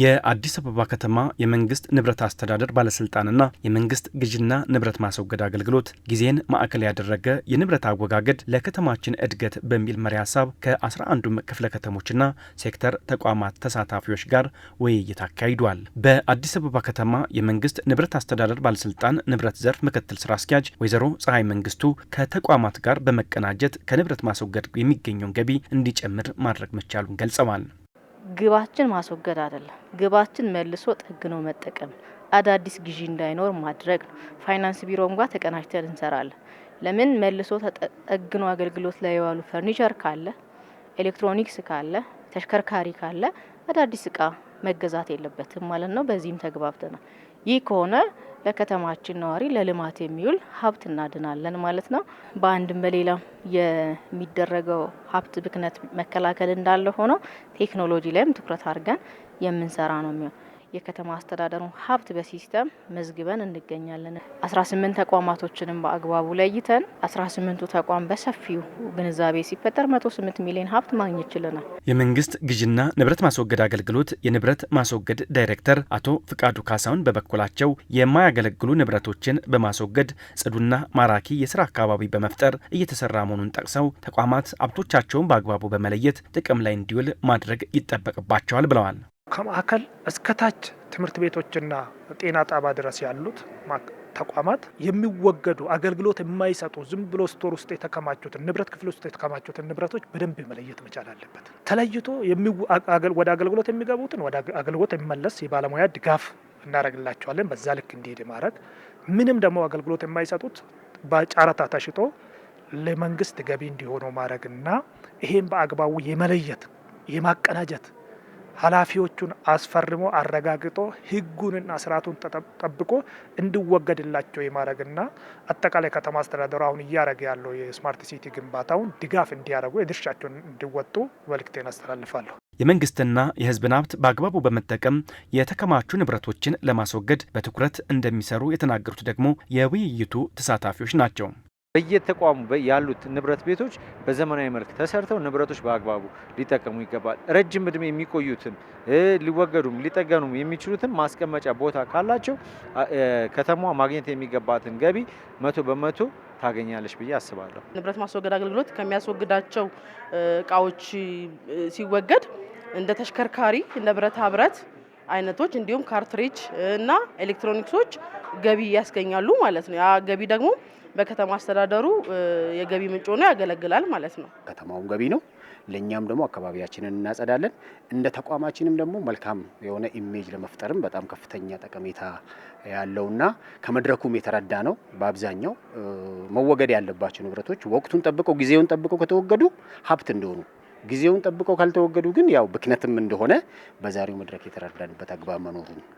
የአዲስ አበባ ከተማ የመንግስት ንብረት አስተዳደር ባለስልጣንና የመንግስት ግዥና ንብረት ማስወገድ አገልግሎት ጊዜን ማዕከል ያደረገ የንብረት አወጋገድ ለከተማችን እድገት በሚል መሪ ሀሳብ ከ11ዱም ክፍለ ከተሞችና ሴክተር ተቋማት ተሳታፊዎች ጋር ውይይት አካሂዷል። በአዲስ አበባ ከተማ የመንግስት ንብረት አስተዳደር ባለስልጣን ንብረት ዘርፍ ምክትል ስራ አስኪያጅ ወይዘሮ ፀሐይ መንግስቱ ከተቋማት ጋር በመቀናጀት ከንብረት ማስወገድ የሚገኘውን ገቢ እንዲጨምር ማድረግ መቻሉን ገልጸዋል። ግባችን ማስወገድ አይደለም። ግባችን መልሶ ጠግኖ መጠቀም፣ አዳዲስ ግዢ እንዳይኖር ማድረግ ነው። ፋይናንስ ቢሮም ጋር ተቀናጅተን እንሰራለን። ለምን መልሶ ተጠግኖ አገልግሎት ላይ የዋሉ ፈርኒቸር ካለ፣ ኤሌክትሮኒክስ ካለ፣ ተሽከርካሪ ካለ አዳዲስ እቃ መገዛት የለበትም ማለት ነው። በዚህም ተግባብተናል። ይህ ከሆነ ለከተማችን ነዋሪ ለልማት የሚውል ሀብት እናድናለን ማለት ነው። በአንድም በሌላም የሚደረገው ሀብት ብክነት መከላከል እንዳለ ሆኖ ቴክኖሎጂ ላይም ትኩረት አድርገን የምንሰራ ነው የሚሆን የከተማ አስተዳደሩን ሀብት በሲስተም መዝግበን እንገኛለን። ስምንት ተቋማቶችንም በአግባቡ ለይተን አስራ ስምንቱ ተቋም በሰፊው ግንዛቤ ሲፈጠር ስምንት ሚሊዮን ሀብት ማግኘት ችለናል። የመንግስት ግዥና ንብረት ማስወገድ አገልግሎት የንብረት ማስወገድ ዳይሬክተር አቶ ፍቃዱ ካሳሁን በበኩላቸው የማያገለግሉ ንብረቶችን በማስወገድ ጽዱና ማራኪ የስራ አካባቢ በመፍጠር እየተሰራ መሆኑን ጠቅሰው ተቋማት ሀብቶቻቸውን በአግባቡ በመለየት ጥቅም ላይ እንዲውል ማድረግ ይጠበቅባቸዋል ብለዋል። ከማዕከል እስከታች ትምህርት ቤቶችና ጤና ጣባ ድረስ ያሉት ተቋማት የሚወገዱ አገልግሎት የማይሰጡ ዝም ብሎ ስቶር ውስጥ የተከማቹትን ንብረት ክፍል ውስጥ የተከማቹትን ንብረቶች በደንብ መለየት መቻል አለበት። ተለይቶ ወደ አገልግሎት የሚገቡትን ወደ አገልግሎት የሚመለስ የባለሙያ ድጋፍ እናደርግላቸዋለን። በዛ ልክ እንዲሄድ ማድረግ ምንም ደግሞ አገልግሎት የማይሰጡት በጨረታ ተሽጦ ለመንግስት ገቢ እንዲሆነው ማድረግና ይሄን በአግባቡ የመለየት የማቀናጀት ኃላፊዎቹን አስፈርሞ አረጋግጦ ህጉንና ስርዓቱን ጠብቆ እንዲወገድላቸው የማድረግና አጠቃላይ ከተማ አስተዳደሩ አሁን እያደረገ ያለው የስማርት ሲቲ ግንባታውን ድጋፍ እንዲያደርጉ የድርሻቸውን እንዲወጡ መልእክቴን አስተላልፋለሁ። የመንግስትና የህዝብን ሀብት በአግባቡ በመጠቀም የተከማቹ ንብረቶችን ለማስወገድ በትኩረት እንደሚሰሩ የተናገሩት ደግሞ የውይይቱ ተሳታፊዎች ናቸው። በየተቋሙ ያሉት ንብረት ቤቶች በዘመናዊ መልክ ተሰርተው ንብረቶች በአግባቡ ሊጠቀሙ ይገባል። ረጅም እድሜ የሚቆዩትን ሊወገዱም ሊጠገኑም የሚችሉትን ማስቀመጫ ቦታ ካላቸው ከተማዋ ማግኘት የሚገባትን ገቢ መቶ በመቶ ታገኛለች ብዬ አስባለሁ። ንብረት ማስወገድ አገልግሎት ከሚያስወግዳቸው እቃዎች ሲወገድ እንደ ተሽከርካሪ እንደ ብረታ ብረት አይነቶች እንዲሁም ካርትሬጅ እና ኤሌክትሮኒክሶች ገቢ ያስገኛሉ ማለት ነው። ያ ገቢ ደግሞ በከተማ አስተዳደሩ የገቢ ምንጭ ሆኖ ያገለግላል ማለት ነው። ከተማውም ገቢ ነው፣ ለእኛም ደግሞ አካባቢያችንን እናጸዳለን። እንደ ተቋማችንም ደግሞ መልካም የሆነ ኢሜጅ ለመፍጠርም በጣም ከፍተኛ ጠቀሜታ ያለውና ከመድረኩም የተረዳ ነው። በአብዛኛው መወገድ ያለባቸው ንብረቶች ወቅቱን ጠብቀው ጊዜውን ጠብቀው ከተወገዱ ሀብት እንደሆኑ ጊዜውን ጠብቀው ካልተወገዱ ግን ያው ብክነትም እንደሆነ በዛሬው መድረክ የተረዳንበት አግባብ መኖሩን